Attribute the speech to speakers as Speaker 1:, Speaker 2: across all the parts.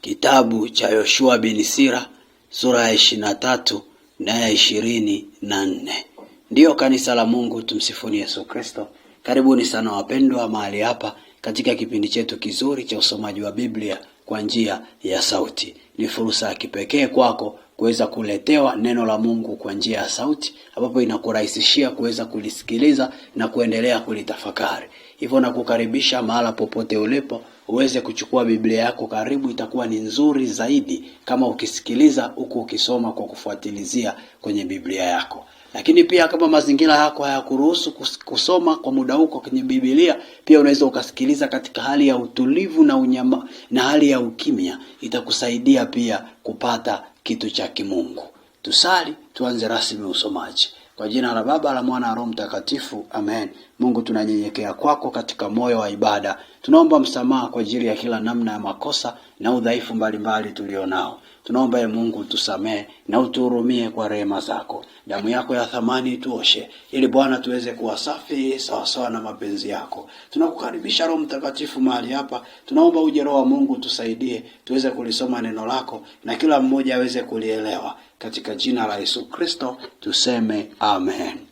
Speaker 1: Kitabu cha Yoshua bin Sira sura ya ishirini na tatu na ya ishirini na nne. Ndiyo kanisa la Mungu, tumsifuni Yesu Kristo. Karibuni sana wapendwa mahali hapa katika kipindi chetu kizuri cha usomaji wa Biblia kwa njia ya sauti. Ni fursa ya kipekee kwako kuweza kuletewa neno la Mungu kwa njia ya sauti, ambapo inakurahisishia kuweza kulisikiliza na kuendelea kulitafakari. Hivyo nakukaribisha mahala popote ulipo uweze kuchukua Biblia yako karibu, itakuwa ni nzuri zaidi kama ukisikiliza huku ukisoma kwa kufuatilizia kwenye Biblia yako. Lakini pia kama mazingira yako hayakuruhusu kusoma kwa muda huko kwenye Biblia, pia unaweza ukasikiliza katika hali ya utulivu na unyama, na hali ya ukimya, itakusaidia pia kupata kitu cha kimungu. Tusali, tuanze rasmi usomaji. Kwa jina la Baba la Mwana Roho Mtakatifu, amen. Mungu, tunanyenyekea kwako katika moyo wa ibada, tunaomba msamaha kwa ajili ya kila namna ya makosa na udhaifu mbalimbali tulionao. Tunaomba ye Mungu tusamee na utuhurumie kwa rehema zako. Damu yako ya thamani tuoshe, ili Bwana tuweze kuwa safi sawasawa na mapenzi yako. Tunakukaribisha Roho Mtakatifu mahali hapa, tunaomba uje Roho wa Mungu tusaidie, tuweze kulisoma neno lako na kila mmoja aweze kulielewa katika jina la Yesu Kristo tuseme amen.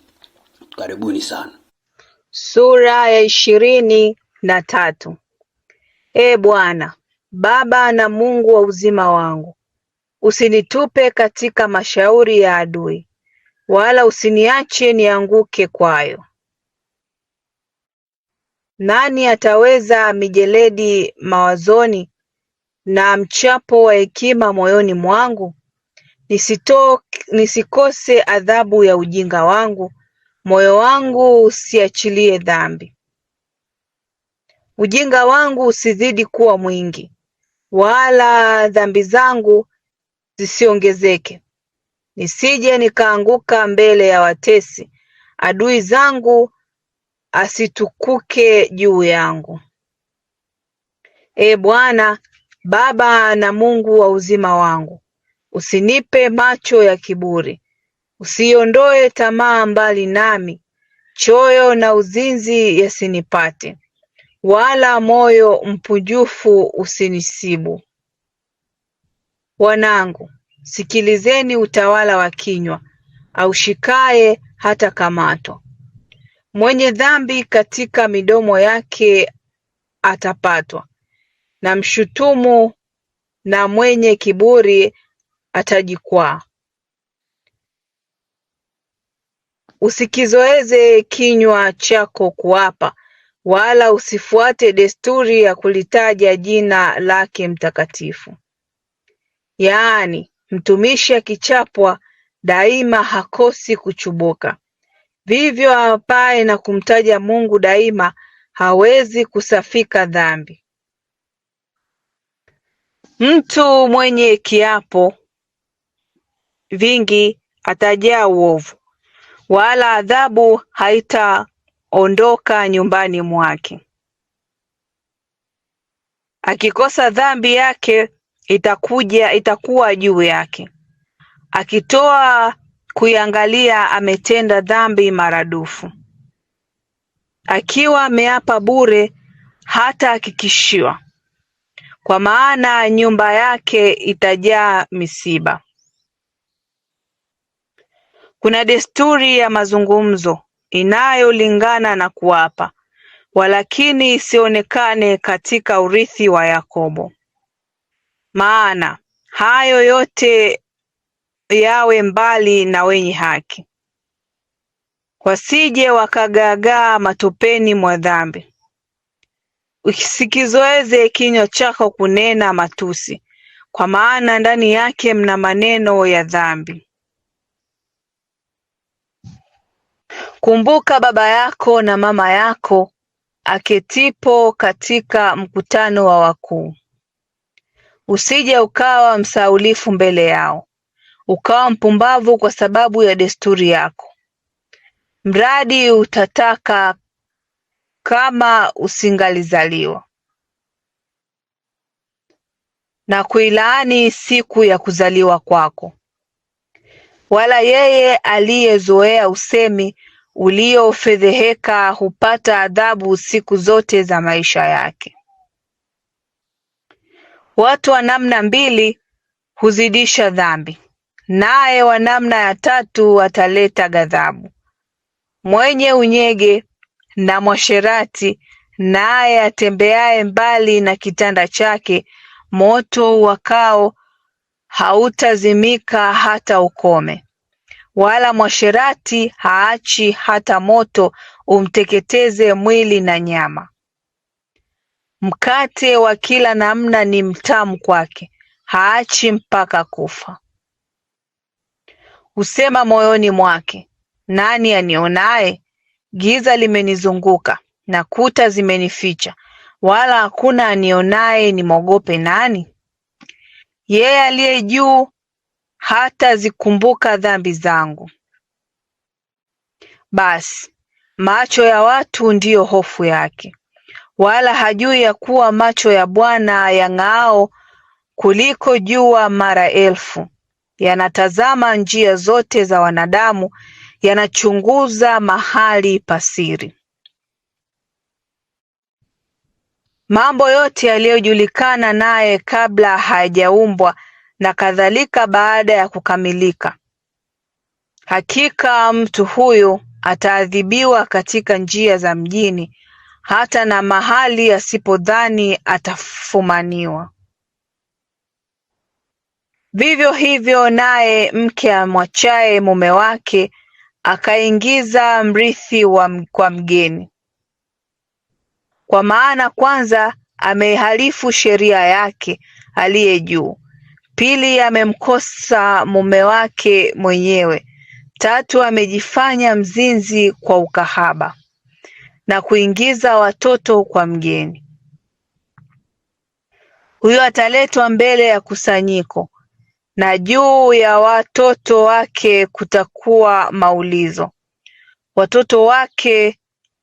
Speaker 1: Karibuni sana.
Speaker 2: Sura ya ishirini na tatu. E Bwana Baba na Mungu wa uzima wangu, usinitupe katika mashauri ya adui, wala usiniache nianguke kwayo. Nani ataweza mijeledi mawazoni na mchapo wa hekima moyoni mwangu? Nisikose adhabu ya ujinga wangu, moyo wangu usiachilie dhambi. Ujinga wangu usizidi kuwa mwingi, wala dhambi zangu zisiongezeke, nisije nikaanguka mbele ya watesi, adui zangu asitukuke juu yangu. e Bwana, Baba na Mungu wa uzima wangu, Usinipe macho ya kiburi, usiondoe tamaa mbali nami; choyo na uzinzi yasinipate, wala moyo mpujufu usinisibu. Wanangu, sikilizeni utawala wa kinywa, aushikaye kamatwa Mwenye dhambi katika midomo yake atapatwa; na mshutumu na mwenye kiburi atajikwaa Usikizoeze kinywa chako kuapa, wala usifuate desturi ya kulitaja jina lake mtakatifu. Yaani, mtumishi akichapwa daima hakosi kuchubuka, vivyo apae na kumtaja Mungu daima hawezi kusafika dhambi. Mtu mwenye kiapo vingi atajaa uovu, wala adhabu haitaondoka nyumbani mwake. Akikosa dhambi yake itakuja itakuwa juu yake, akitoa kuiangalia ametenda dhambi maradufu. Akiwa ameapa bure hatahakikishiwa, kwa maana nyumba yake itajaa misiba. Kuna desturi ya mazungumzo inayolingana na kuapa, walakini isionekane katika urithi wa Yakobo. Maana hayo yote yawe mbali na wenye haki, wasije wakagaagaa matopeni mwa dhambi. Usikizoeze kinywa chako kunena matusi, kwa maana ndani yake mna maneno ya dhambi. Kumbuka baba yako na mama yako aketipo katika mkutano wa wakuu, usije ukawa msaulifu mbele yao, ukawa mpumbavu kwa sababu ya desturi yako. Mradi utataka kama usingalizaliwa, na kuilaani siku ya kuzaliwa kwako, wala yeye aliyezoea usemi uliofedheheka hupata adhabu siku zote za maisha yake. Watu wa namna mbili huzidisha dhambi, naye wa namna ya tatu ataleta ghadhabu. Mwenye unyege na mwasherati, naye atembeaye mbali na kitanda chake, moto wakao hautazimika hata ukome wala mwasherati haachi hata moto umteketeze mwili na nyama. Mkate wa kila namna ni mtamu kwake, haachi mpaka kufa. Husema moyoni mwake, nani anionaye? Giza limenizunguka na kuta zimenificha, wala hakuna anionaye, nimwogope nani? Yeye aliye juu Hatazikumbuka dhambi zangu. Basi macho ya watu ndiyo hofu yake, wala hajui ya kuwa macho ya Bwana yang'aao kuliko jua mara elfu, yanatazama njia zote za wanadamu, yanachunguza mahali pasiri Mambo yote yaliyojulikana naye kabla hayajaumbwa na kadhalika baada ya kukamilika. Hakika mtu huyu ataadhibiwa katika njia za mjini, hata na mahali asipodhani atafumaniwa. Vivyo hivyo naye mke amwachaye mume wake akaingiza mrithi wa kwa mgeni, kwa maana kwanza ameihalifu sheria yake aliye juu, Pili, amemkosa mume wake mwenyewe. Tatu, amejifanya mzinzi kwa ukahaba na kuingiza watoto kwa mgeni. Huyo ataletwa mbele ya kusanyiko na juu ya watoto wake kutakuwa maulizo. Watoto wake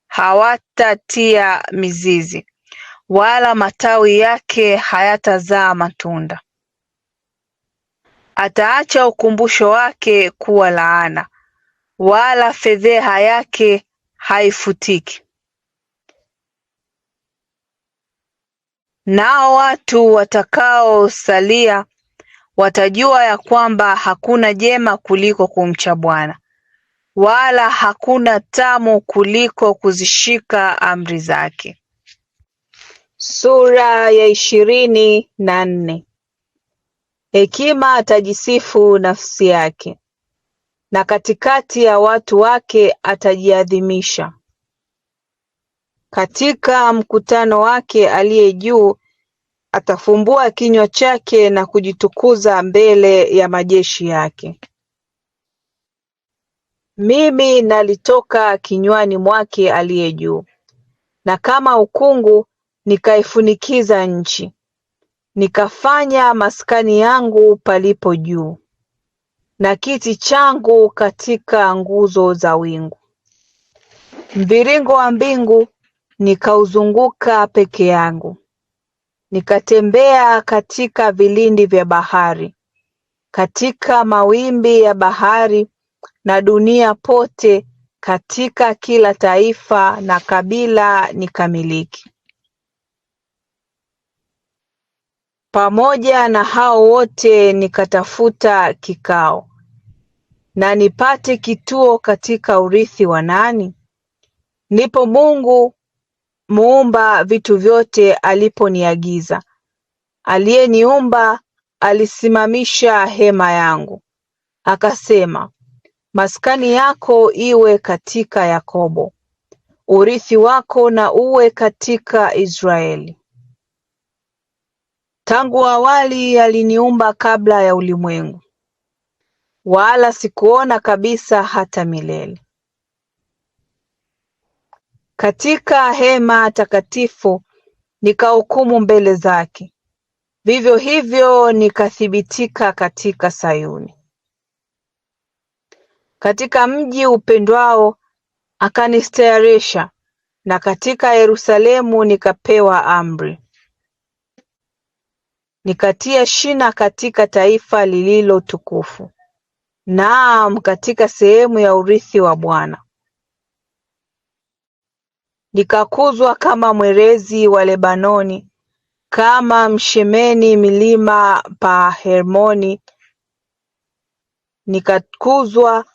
Speaker 2: hawatatia mizizi, wala matawi yake hayatazaa matunda ataacha ukumbusho wake kuwa laana, wala fedheha yake haifutiki. Nao watu watakaosalia watajua ya kwamba hakuna jema kuliko kumcha Bwana, wala hakuna tamu kuliko kuzishika amri zake. Sura ya ishirini na nne. Hekima atajisifu nafsi yake, na katikati ya watu wake atajiadhimisha; katika mkutano wake Aliye Juu atafumbua kinywa chake na kujitukuza mbele ya majeshi yake. Mimi nalitoka kinywani mwake Aliye Juu, na kama ukungu nikaifunikiza nchi. Nikafanya maskani yangu palipo juu, na kiti changu katika nguzo za wingu. Mviringo wa mbingu nikauzunguka peke yangu. Nikatembea katika vilindi vya bahari, katika mawimbi ya bahari na dunia pote, katika kila taifa na kabila nikamiliki. Pamoja na hao wote nikatafuta kikao, na nipate kituo katika urithi wa nani? Ndipo Mungu muumba vitu vyote aliponiagiza, aliyeniumba alisimamisha hema yangu, akasema, maskani yako iwe katika Yakobo, urithi wako na uwe katika Israeli. Tangu awali aliniumba kabla ya ulimwengu, wala sikuona kabisa hata milele. Katika hema takatifu nikahukumu mbele zake, vivyo hivyo nikathibitika katika Sayuni. Katika mji upendwao akanistayarisha, na katika Yerusalemu nikapewa amri. Nikatia shina katika taifa lililo tukufu, naam katika sehemu ya urithi wa Bwana. Nikakuzwa kama mwerezi wa Lebanoni, kama mshemeni milima pa Hermoni. Nikakuzwa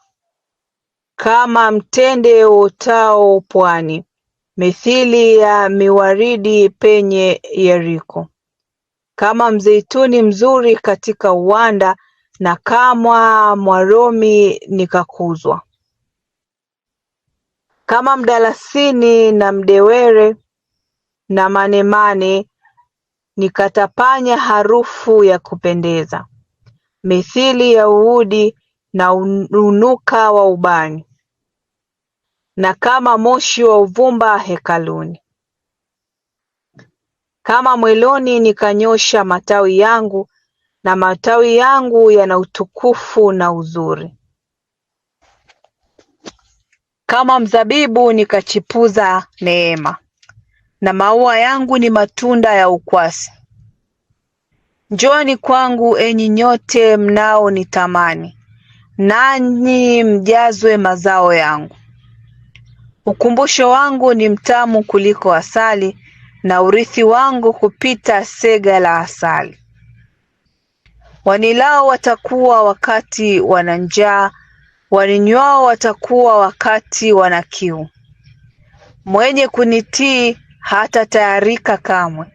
Speaker 2: kama mtende utao pwani, mithili ya miwaridi penye Yeriko kama mzeituni mzuri katika uwanda, na kamwa mwaromi nikakuzwa, kama mdalasini na mdewere na manemane nikatapanya harufu ya kupendeza, mithili ya uudi na unuka wa ubani, na kama moshi wa uvumba hekaluni. Kama mweloni nikanyosha matawi yangu na matawi yangu yana utukufu na uzuri. Kama mzabibu nikachipuza neema, na maua yangu ni matunda ya ukwasi. njoni kwangu enyi nyote mnao nitamani, nanyi mjazwe mazao yangu. Ukumbusho wangu ni mtamu kuliko asali, na urithi wangu kupita sega la asali. Wanilao watakuwa wakati wana njaa, waninywao watakuwa wakati wana kiu. Mwenye kunitii hatatayarika kamwe,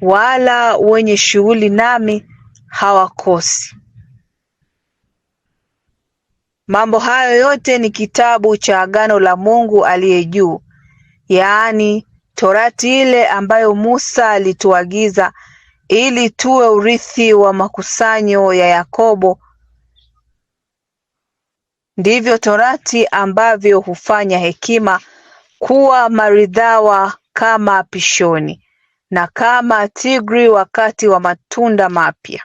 Speaker 2: wala wenye shughuli nami hawakosi. Mambo hayo yote ni kitabu cha agano la Mungu aliye juu, yaani Torati ile ambayo Musa alituagiza ili tuwe urithi wa makusanyo ya Yakobo, ndivyo Torati ambavyo hufanya hekima kuwa maridhawa kama pishoni na kama tigri wakati wa matunda mapya,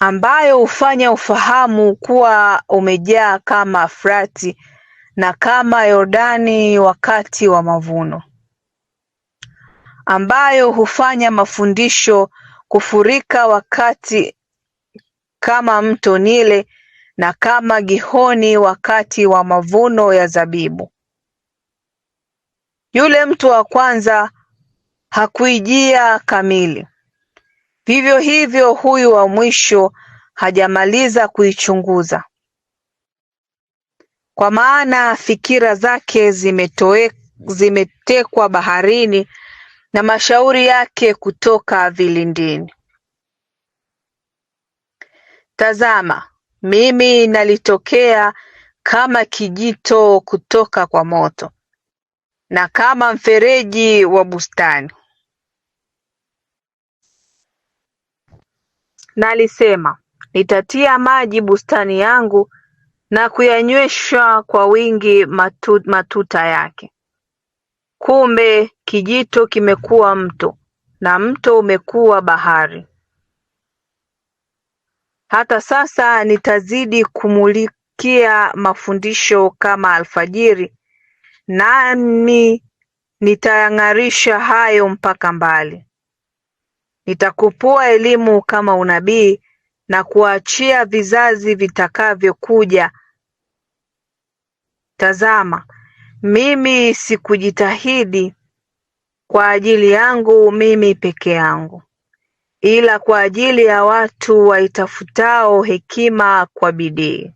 Speaker 2: ambayo hufanya ufahamu kuwa umejaa kama Frati na kama Yordani wakati wa mavuno, ambayo hufanya mafundisho kufurika wakati kama mto Nile na kama Gihoni wakati wa mavuno ya zabibu. Yule mtu wa kwanza hakuijia kamili, vivyo hivyo huyu wa mwisho hajamaliza kuichunguza kwa maana fikira zake zimetekwa baharini na mashauri yake kutoka vilindini. Tazama mimi nalitokea kama kijito kutoka kwa moto, na kama mfereji wa bustani. Nalisema, nitatia maji bustani yangu, na kuyanywesha kwa wingi matuta yake kumbe kijito kimekuwa mto na mto umekuwa bahari hata sasa nitazidi kumulikia mafundisho kama alfajiri nami nitayang'arisha hayo mpaka mbali nitakupua elimu kama unabii na kuachia vizazi vitakavyokuja Tazama, mimi sikujitahidi kwa ajili yangu mimi peke yangu, ila kwa ajili ya watu waitafutao hekima kwa bidii.